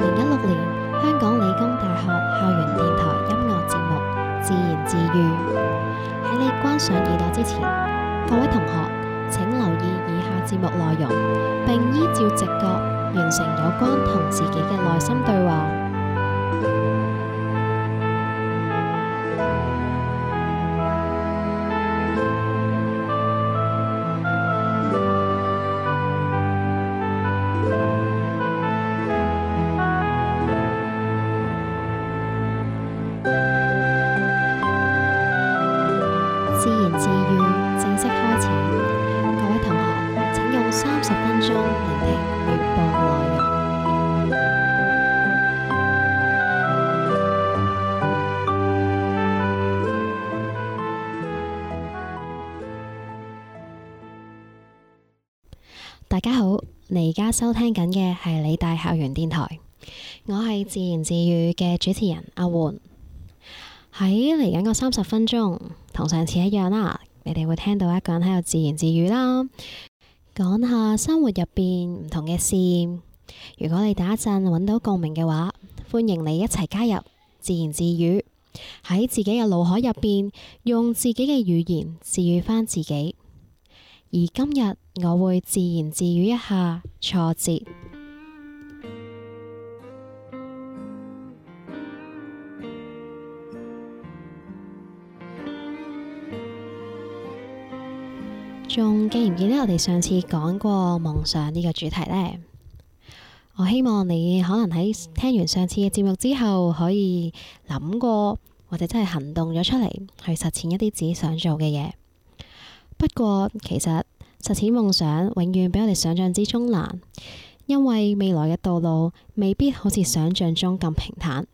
二零一六年香港理工大學校園電台音樂節目《自言自癒》，喺你關上耳朵之前，各位同學請留意以下節目內容，並依照直覺完成有關同自己嘅內心對話。大家好，你而家收聽緊嘅係理大校園電台，我係自言自語嘅主持人阿煥。喺嚟緊個三十分鐘，同上次一樣啦，你哋會聽到一個人喺度自言自語啦，講下生活入邊唔同嘅事。如果你等一陣搵到共鳴嘅話，歡迎你一齊加入自言自語，喺自己嘅腦海入邊用自己嘅語言治癒翻自己。而今日。我會自言自語一下挫折，仲記唔記得我哋上次講過夢想呢個主題呢？我希望你可能喺聽完上次嘅節目之後，可以諗過或者真係行動咗出嚟去實踐一啲自己想做嘅嘢。不過其實。實踐夢想永遠比我哋想象之中難，因為未來嘅道路未必好似想象中咁平坦，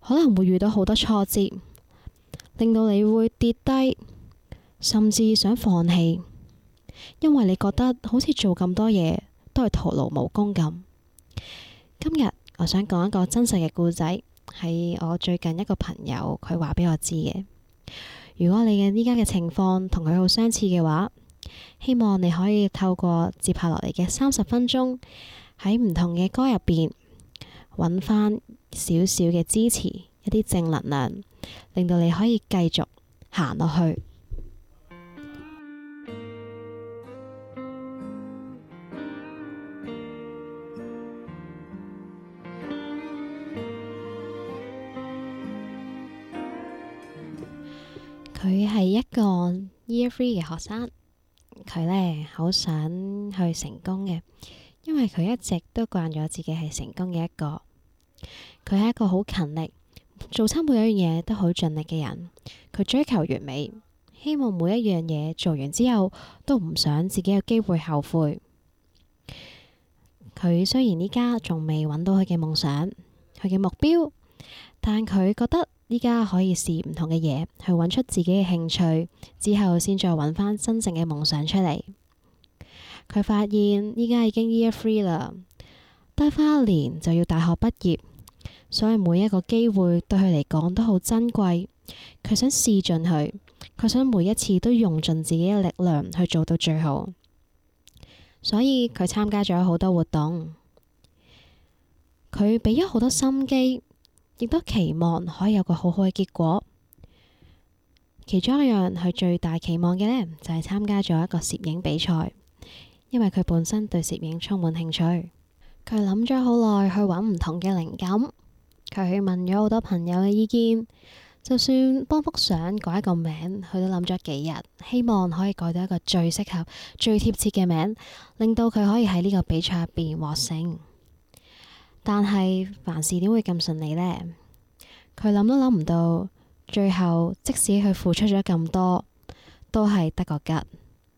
可能會遇到好多挫折，令到你會跌低，甚至想放棄，因為你覺得好似做咁多嘢都係徒勞無功咁。今日我想講一個真實嘅故仔，係我最近一個朋友佢話俾我知嘅。如果你嘅依家嘅情況同佢好相似嘅話，希望你可以透過接下落嚟嘅三十分鐘，喺唔同嘅歌入邊，揾翻少少嘅支持，一啲正能量，令到你可以繼續行落去。佢係 一個 Year Three 嘅學生。佢呢好想去成功嘅，因為佢一直都慣咗自己係成功嘅一個。佢係一個好勤力，做親每一樣嘢都好盡力嘅人。佢追求完美，希望每一樣嘢做完之後都唔想自己有機會後悔。佢雖然依家仲未揾到佢嘅夢想，佢嘅目標，但佢覺得。依家可以試唔同嘅嘢，去揾出自己嘅興趣之後，先再揾翻真正嘅夢想出嚟。佢發現依家已經 year three 啦，得翻一年就要大學畢業，所以每一個機會對佢嚟講都好珍貴。佢想試進去，佢想每一次都用盡自己嘅力量去做到最好，所以佢參加咗好多活動，佢俾咗好多心機。亦都期望可以有個好好嘅結果。其中一樣，佢最大期望嘅呢，就係參加咗一個攝影比賽，因為佢本身對攝影充滿興趣。佢諗咗好耐去揾唔同嘅靈感，佢去問咗好多朋友嘅意見。就算幫幅相改一個名，佢都諗咗幾日，希望可以改到一個最適合、最貼切嘅名，令到佢可以喺呢個比賽入邊獲勝。但係凡事點會咁順利呢？佢諗都諗唔到，最後即使佢付出咗咁多，都係得個吉，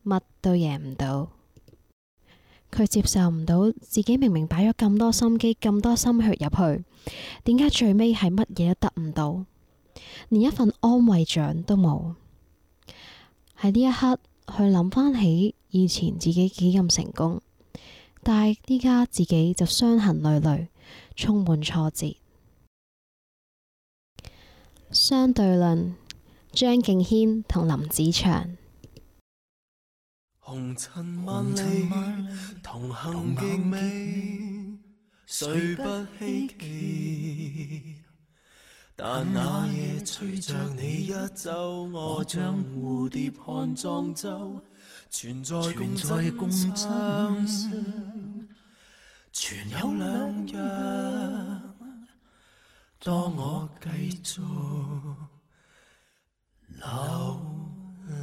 乜都贏唔到。佢接受唔到自己明明擺咗咁多心機、咁多心血入去，點解最尾係乜嘢都得唔到，連一份安慰獎都冇？喺呢一刻，佢諗翻起以前自己幾咁成功，但係呢家自己就傷痕累累。充滿挫折。相對論，張敬軒同林子祥。紅全有兩樣，當我繼續流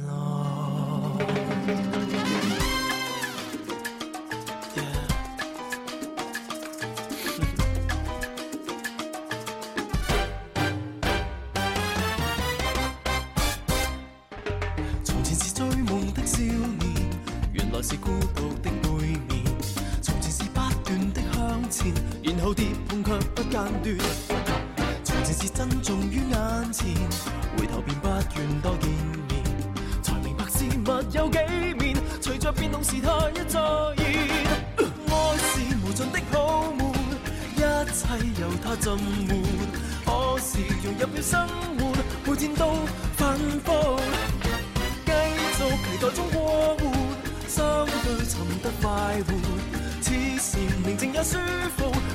浪。頭跌碰卻不間斷，從前是珍重於眼前，回頭便不願多見面，才明白事物有幾面，隨着變動時態一再現。愛 是無盡的泡沫，一切由它浸沒。可是融入了生活，每天都反覆，繼續期待中過活，活，相對尋得快活，此時寧靜也舒服。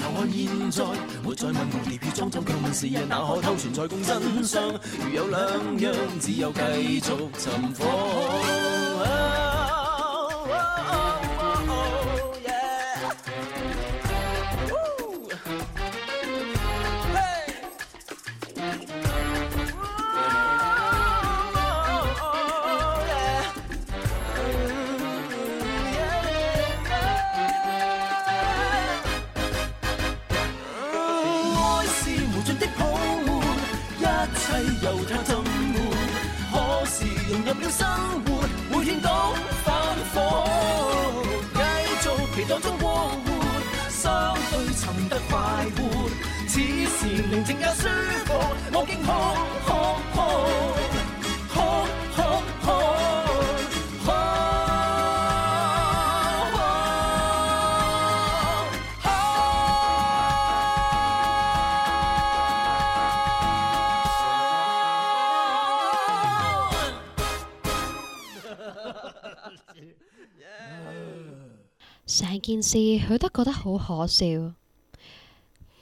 回頭看現在，沒再盲目地跌跌撞撞，卻問世人哪可偷存在共真相？如有兩樣，只有繼續尋訪。無盡的抱攙，一切由他怎換？可是融入了生活，會遇到反火。繼續期待中過活，相對沉得快活，此時寧靜也舒服。我驚慌。件事，佢都覺得好可笑。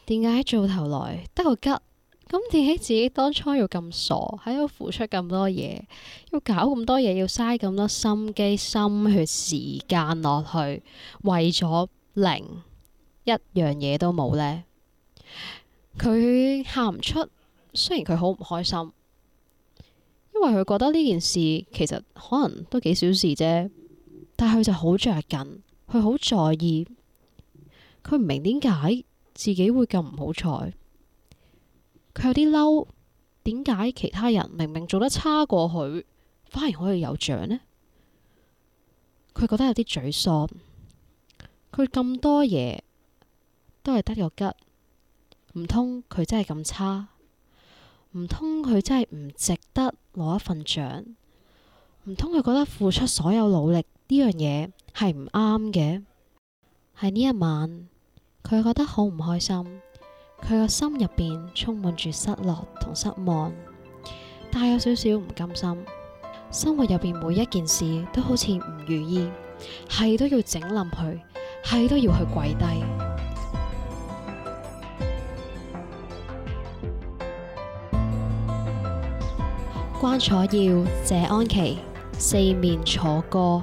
點解做到頭來得個吉咁？點解自己當初要咁傻喺度付出咁多嘢？要搞咁多嘢？要嘥咁多心機、心血、時間落去，為咗零一樣嘢都冇呢？佢喊唔出，雖然佢好唔開心，因為佢覺得呢件事其實可能都幾小事啫，但係佢就好着緊。佢好在意，佢唔明點解自己會咁唔好彩。佢有啲嬲，點解其他人明明做得差過佢，反而可以有獎呢？佢覺得有啲沮喪。佢咁多嘢都係得個吉，唔通佢真係咁差？唔通佢真係唔值得攞一份獎？唔通佢覺得付出所有努力呢樣嘢？係唔啱嘅，係呢一晚，佢覺得好唔開心，佢個心入邊充滿住失落同失望，但有少少唔甘心。生活入邊每一件事都好似唔如意，係都要整冧佢，係都要去跪低。 關楚耀、謝安琪四面楚歌。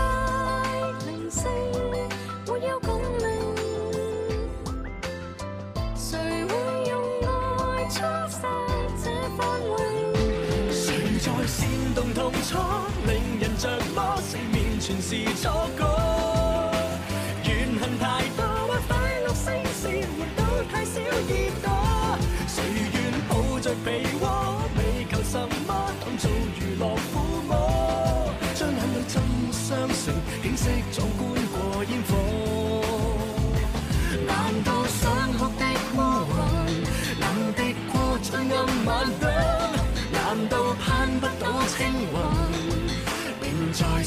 令人着魔，四面全是錯覺。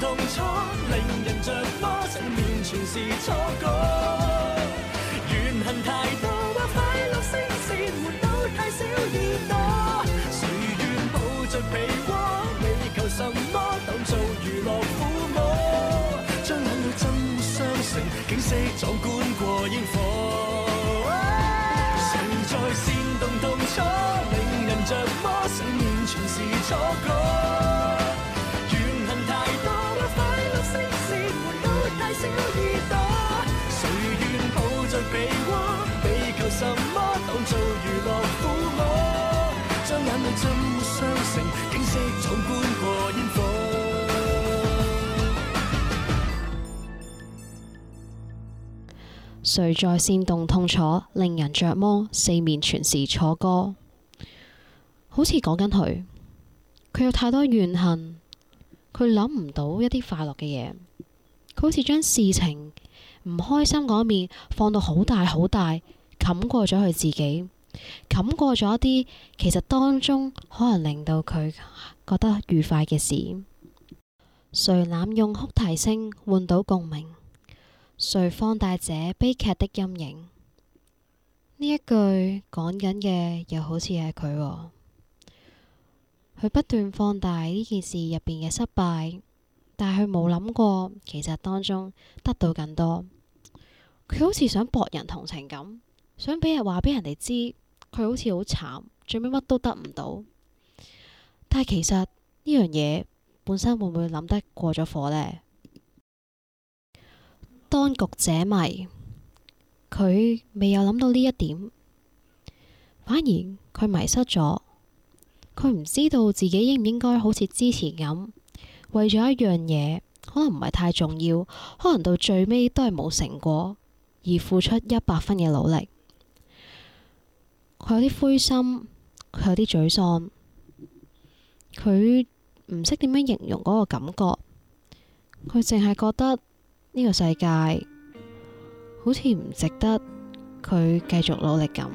痛楚令人着魔，這完全是錯覺。誰在煽動痛楚，令人着魔？四面全是楚歌，好似講緊佢。佢有太多怨恨，佢諗唔到一啲快樂嘅嘢。佢好似將事情唔開心嗰面放到好大好大，冚過咗佢自己。冚過咗啲，其實當中可能令到佢覺得愉快嘅事。誰濫用哭啼聲換到共鳴？誰放大這悲劇的陰影？呢一句講緊嘅又好似係佢喎，佢不斷放大呢件事入邊嘅失敗，但係佢冇諗過，其實當中得到更多。佢好似想博人同情咁。想俾人話俾人哋知，佢好似好慘，最尾乜都得唔到。但係其實呢樣嘢本身會唔會諗得過咗火呢？當局者迷，佢未有諗到呢一點，反而佢迷失咗。佢唔知道自己應唔應該好似之前咁為咗一樣嘢，可能唔係太重要，可能到最尾都係冇成果而付出一百分嘅努力。佢有啲灰心，佢有啲沮喪，佢唔識點樣形容嗰個感覺，佢淨係覺得呢個世界好似唔值得佢繼續努力咁，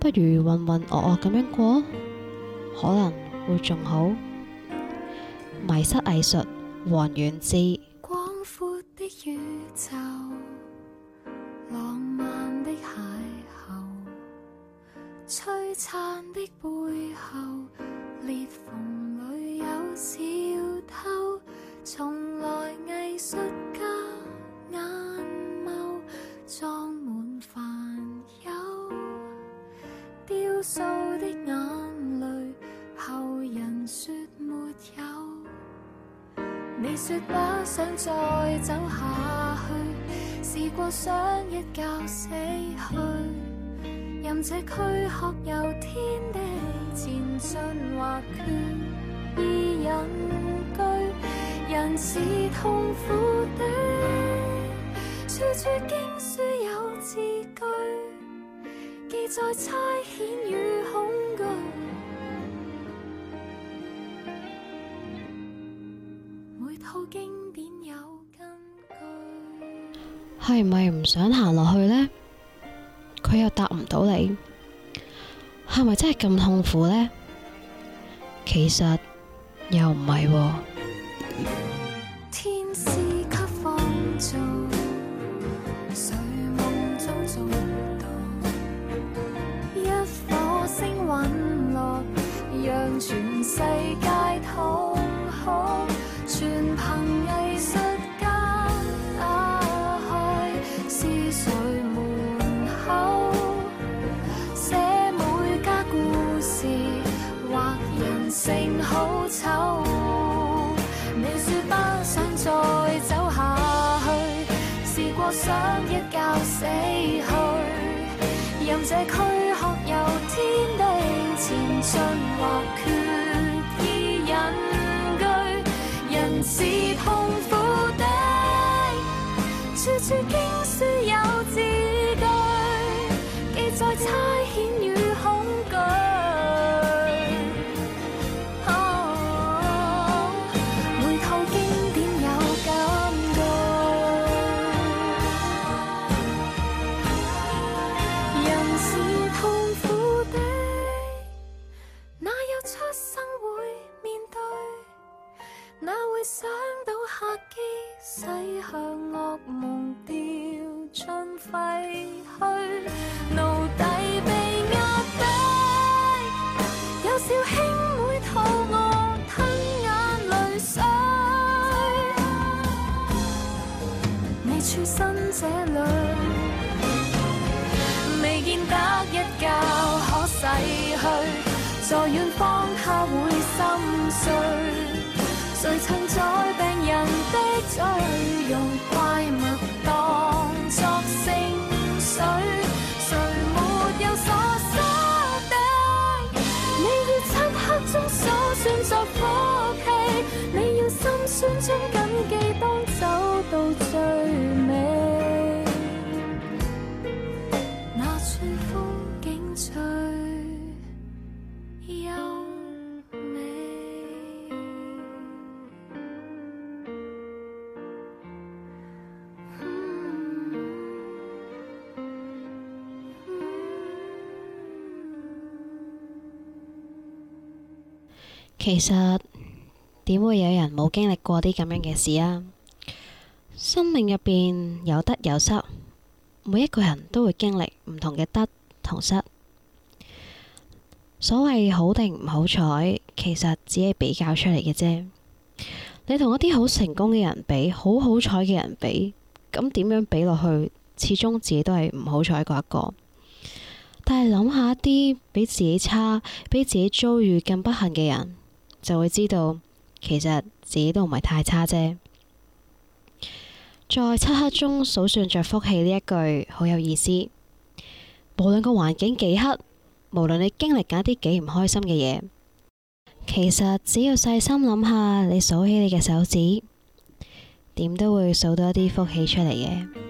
不如渾渾噩噩咁樣過，可能會仲好。迷失藝術，黃遠志。光闊的宇宙，浪漫的夏璀璨的背後，裂縫裏有小偷。從來藝術家眼眸裝滿煩憂，雕塑的眼淚，後人說沒有。你說不想再走下去，試過想一覺死去。這軀殼有天地，前進或倦意隱居，人是痛苦的，處處經書有字句，記載差遣與恐懼，每套經典有根據。係咪唔想行落去呢？佢又答唔到你，係咪真係咁痛苦呢？其實又唔係喎。想一覺死去，任這軀殼遊天地，前 進樂，或決意隱居，人是痛苦的，處處經。將謹記當走到最美，那處風景最優美。其實。點會有人冇經歷過啲咁樣嘅事啊？生命入邊有得有失，每一個人都會經歷唔同嘅得同失。所謂好定唔好彩，其實只係比較出嚟嘅啫。你同一啲好成功嘅人比，好好彩嘅人比，咁點樣比落去，始終自己都係唔好彩嗰一個。但係諗下一啲比自己差、比自己遭遇更不幸嘅人，就會知道。其實自己都唔係太差啫。在漆黑中數算着福氣呢一句好有意思。無論個環境幾黑，無論你經歷緊一啲幾唔開心嘅嘢，其實只要細心諗下，你數起你嘅手指，點都會數到一啲福氣出嚟嘅。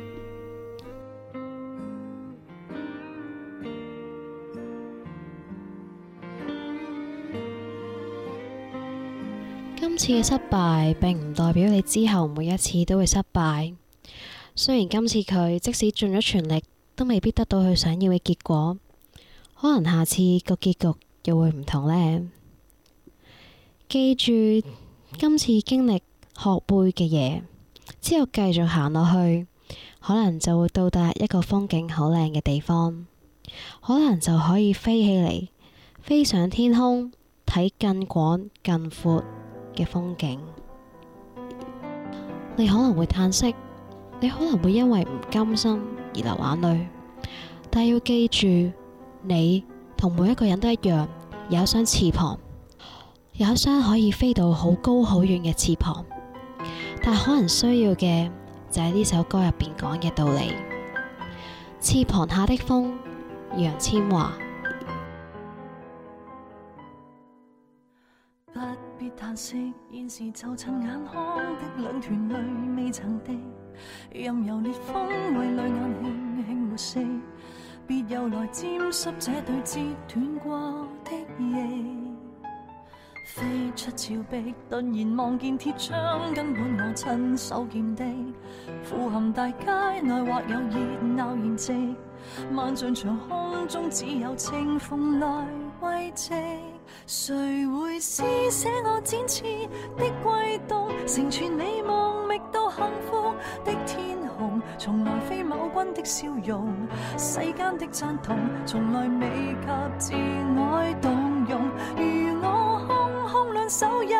次嘅失敗，並唔代表你之後每一次都會失敗。雖然今次佢即使盡咗全力，都未必得到佢想要嘅結果，可能下次個結局又會唔同呢。記住今次經歷學背嘅嘢之後，繼續行落去，可能就會到達一個風景好靚嘅地方，可能就可以飛起嚟，飛上天空，睇更廣、更闊。嘅風景，你可能會嘆息，你可能會因為唔甘心而流眼淚，但要記住，你同每一個人都一樣，有一雙翅膀，有一雙可以飛到好高好遠嘅翅膀，但可能需要嘅就係呢首歌入邊講嘅道理。翅膀下的風，楊千嬅。別嘆息，現時就趁眼眶的兩團淚未曾滴，任由烈風為淚眼輕輕抹拭，別又來沾濕這對折斷過的翼。飛出峭壁，突然望見鐵窗，根本我親手建的俯瞰大街內或有熱鬧宴席，萬丈長空中只有清風來慰藉。誰會施捨我展翅的悸動？成全美夢覓到幸福的天空，從來非某君的笑容，世間的讚同，從來未及自愛動容，如我。兩手一一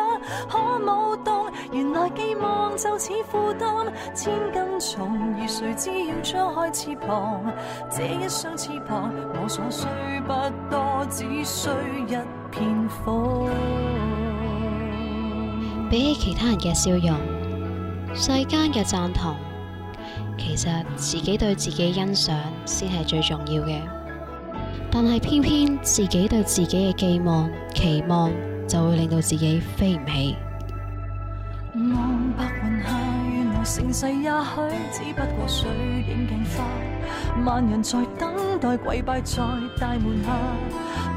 可舞動，原來寄望就此負擔千斤重，而誰知要張開翅膀，這一雙翅膀，我所需不多，只需一片風。比起其他人嘅笑容，世間嘅贊同，其實自己對自己欣賞先係最重要嘅。但係偏偏自己對自己嘅寄望，期望。就會令到自己飛唔起。望白雲下，原來盛世也許只不過水景鏡花。萬人在等待跪拜在大門下，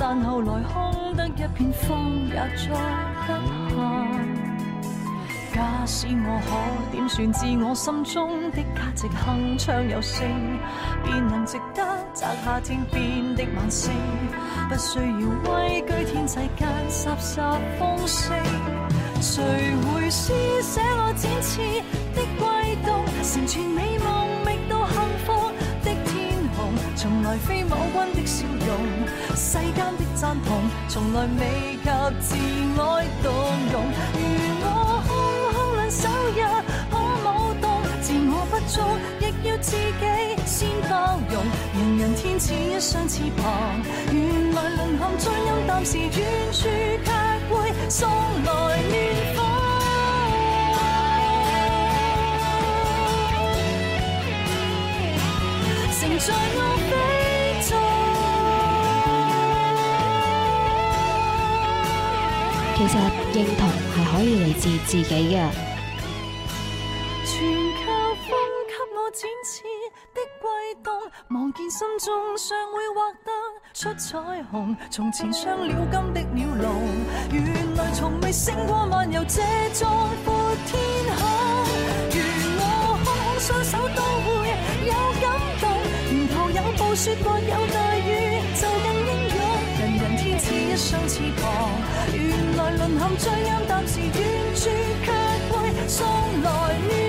但後來空得一片風也再不下。假使我可點算自我心中的價值，鏗鏘有聲，便能值得摘下天邊的晚星。不需要畏懼天際間，颯颯風聲，誰會施捨我展翅的悸動？成全美夢，覓到幸福的天空，從來非某君的笑容，世間的讚同，從來未及自愛動容。如我空空兩手，也可舞動，自我不足。要自己先包容，人人天賜一雙翅膀。原來淪陷最暗淡時，遠處卻會送來暖風盛在我飛中。其實認同係可以嚟自自己嘅。見心中尚會畫得出彩虹，從前傷了金的鳥籠，原來從未勝過漫遊，這壯闊天空。如我空空雙手都會有感動，沿途有暴雪或有大雨就更英勇。人人天賜一雙翅膀，原來淪陷最暗淡時，遠處卻會送來。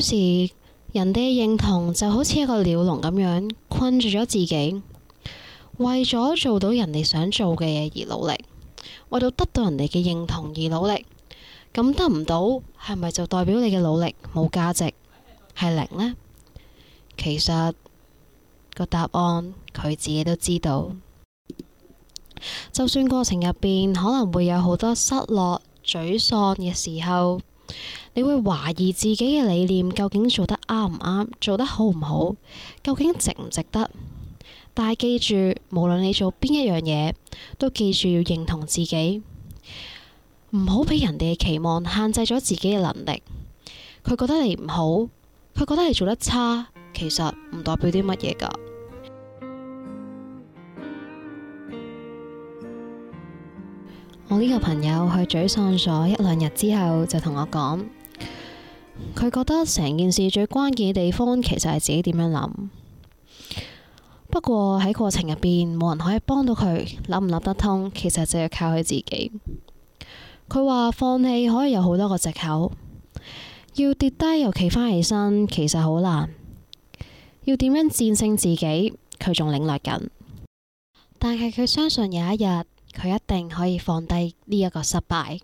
是人哋嘅認同，就好似一個鳥籠咁樣困住咗自己，為咗做到人哋想做嘅嘢，而努力，為到得到人哋嘅認同而努力，咁得唔到，係咪就代表你嘅努力冇價值，係零呢？其實個答案佢自己都知道，就算過程入邊可能會有好多失落、沮喪嘅時候。你會懷疑自己嘅理念究竟做得啱唔啱，做得好唔好，究竟值唔值得？但係記住，無論你做邊一樣嘢，都記住要認同自己，唔好俾人哋嘅期望限制咗自己嘅能力。佢覺得你唔好，佢覺得你做得差，其實唔代表啲乜嘢噶。我呢個朋友去沮喪咗一兩日之後，就同我講，佢覺得成件事最關鍵嘅地方，其實係自己點樣諗。不過喺過程入邊，冇人可以幫到佢，諗唔諗得通，其實就要靠佢自己。佢話放棄可以有好多個借口，要跌低又企翻起身，其實好難。要點樣戰勝自己，佢仲領略緊。但係佢相信有一日。佢一定可以放低呢一個失敗，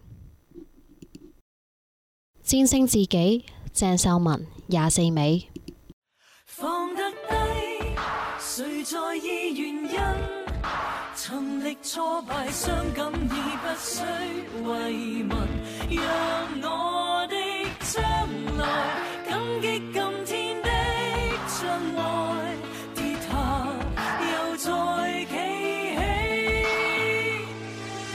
戰勝自己。鄭秀文廿四味。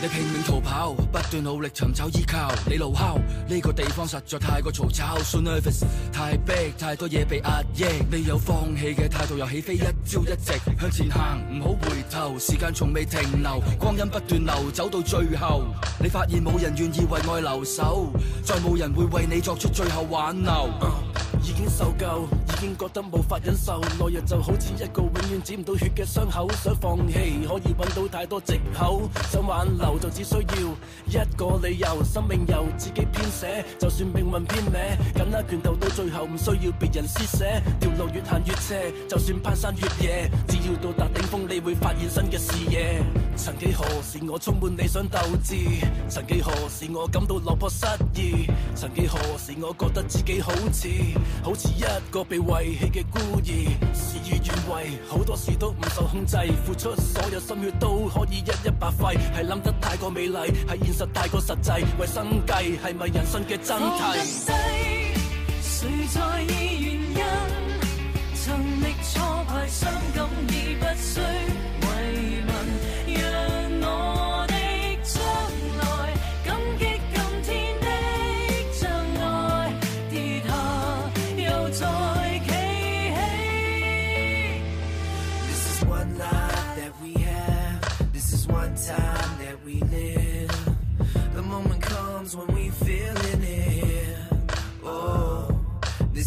你拼命逃跑，不斷努力尋找依靠。你怒吼，呢個地方實在太過嘈吵。So nervous，太逼太多嘢被壓抑。你有放棄嘅態度又起飛，一朝一夕向前行，唔好回頭。時間從未停留，光陰不斷流，走到最後，你發現冇人願意為愛留守，再冇人會為你作出最後挽留，uh, 已經受夠。已經覺得無法忍受，內日就好似一個永遠止唔到血嘅傷口。想放棄可以揾到太多藉口，想挽留就只需要一個理由。生命由自己編寫，就算命運偏歪，緊握拳頭到最後唔需要別人施捨。條路越行越斜，就算攀山越野，只要到達頂峰，你會發現新嘅視野。曾幾何時我充滿理想鬥志，曾幾何時我感到落魄失意，曾幾何時我覺得自己好似好似一個被遺棄嘅孤兒，事與願違，好多事都唔受控制，付出所有心血都可以一一白費。係諗得太過美麗，係現實太過實際，為生計，係咪人生嘅真諦？誰在意原因？曾歷挫敗，傷感已不需。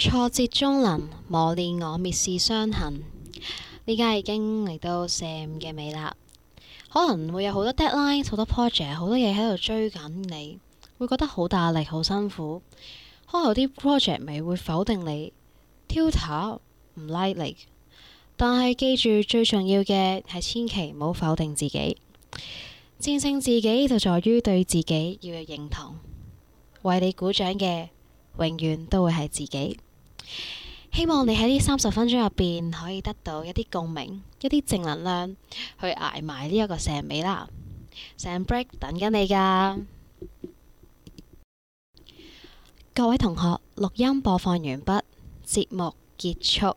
挫折中能磨練我蔑視傷痕，呢家已經嚟到 Sem 5嘅尾啦。可能會有好多 deadline、好多 project、好多嘢喺度追緊，你會覺得好大壓力、好辛苦。開頭啲 project 尾會否定你，tutor 唔 like 你。但係記住最重要嘅係千祈唔好否定自己，戰勝自己就在於對自己要有認同。為你鼓掌嘅永遠都會係自己。希望你喺呢三十分鐘入邊可以得到一啲共鳴，一啲正能量，去捱埋呢一個結尾啦。成 break 等緊你噶。 各位同學，錄音播放完畢，節目結束。